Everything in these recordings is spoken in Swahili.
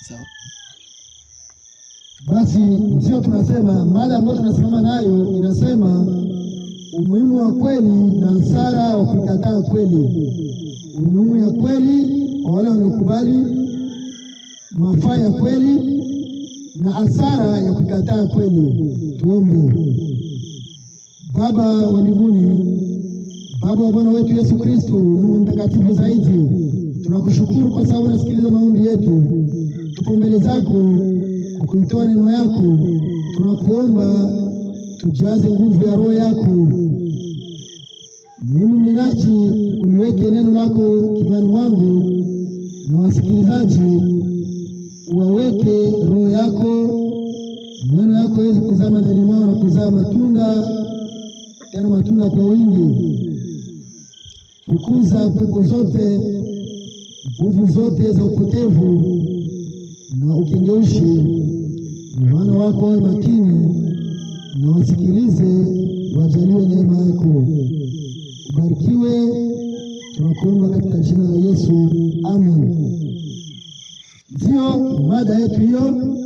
sawa. Basi sio tunasema mada ambayo tunasimama nayo inasema umuhimu wa kweli na hasara wa kuikataa kweli, umuhimu ya kweli kwa wale wanaokubali mafaa ya kweli na hasara ya kuikataa kweli. Tuombe. Baba wa mbinguni, Baba wa Bwana wetu Yesu Kristo, Mungu mtakatifu zaidi, tunakushukuru kwa sababu unasikiliza maombi yetu tuko mbele zako kukuitoa neno yako, tunakuomba tujaze nguvu ya roho yako. Mimi ninachi uliweke neno lako kinywani mwangu na wasikilizaji, waweke roho yako, neno yako iweze kuzama ndani mwao na kuzaa matunda, tena yaani matunda kwa wingi. Fukuza pepo zote, nguvu zote za upotevu na upingeushi. Wana wako wawe makini na wasikilize, wajaliwe neema yako. Ubarikiwe, tunakuomba katika jina la Yesu, amen. Ndiyo mada yetu hiyo,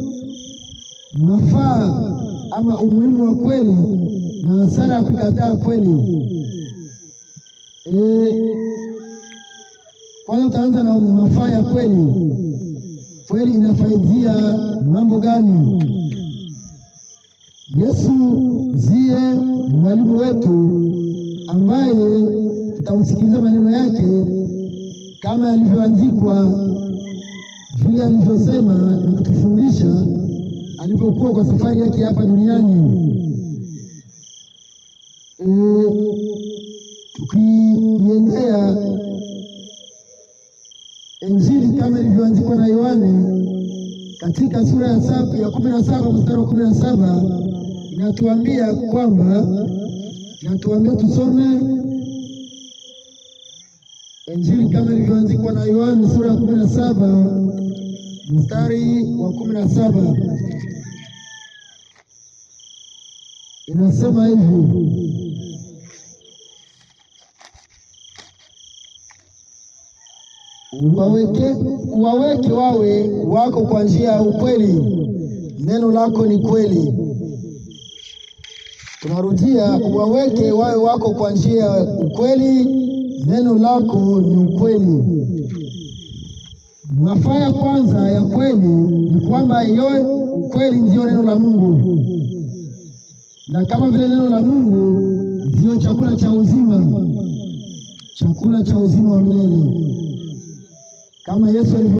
mafaa ama umuhimu wa kweli na hasara ya kukataa kweli. E, eh, kwanza utaanza na mafaa ya kweli kweli inafaidia mambo gani? Yesu ziye mwalimu wetu ambaye tutamsikiliza maneno yake kama yalivyoandikwa vile alivyosema na kutufundisha alipokuwa kwa safari yake hapa duniani. E, tukiendea Injili kama ilivyoandikwa na Yohane katika sura ya saba ya kumi na saba mstari wa kumi na saba inatuambia kwamba inatuambia tusome Injili kama ilivyoandikwa na Yohane sura ya kumi na saba mstari wa kumi na saba inasema hivi waweke waweke wawe wako kwa njia ya ukweli. Neno lako ni kweli. Tunarudia, waweke wawe wako kwa njia ya ukweli. Neno lako ni ukweli. Mafaa ya kwanza ya kweli ni kwamba hiyo ukweli ndiyo neno la Mungu, na kama vile neno la Mungu ndiyo chakula cha uzima, chakula cha uzima wa milele. Calma aí, senhor.